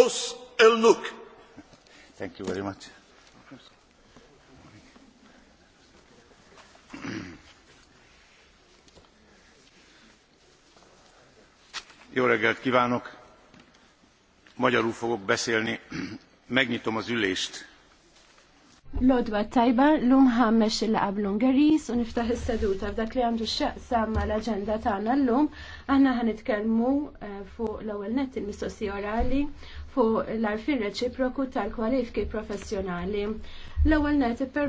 Us il-Nuk. Thank you very much. Jó reggelt kívánok! Magyarul fogok beszélni. Megnyitom az ülést. Lodwa tajba l-lum ħammex il-laqab l-Ungeris u niftaħ is-seduta f'dak li għandu x-xaqsa ma l-agenda tagħna l-lum. Aħna ħanitkellmu eh, fuq l-ewwel net il-mistoqsija orali fuq l-arfin reċiproku tal-kwalifiki professjonali. L-ewwel net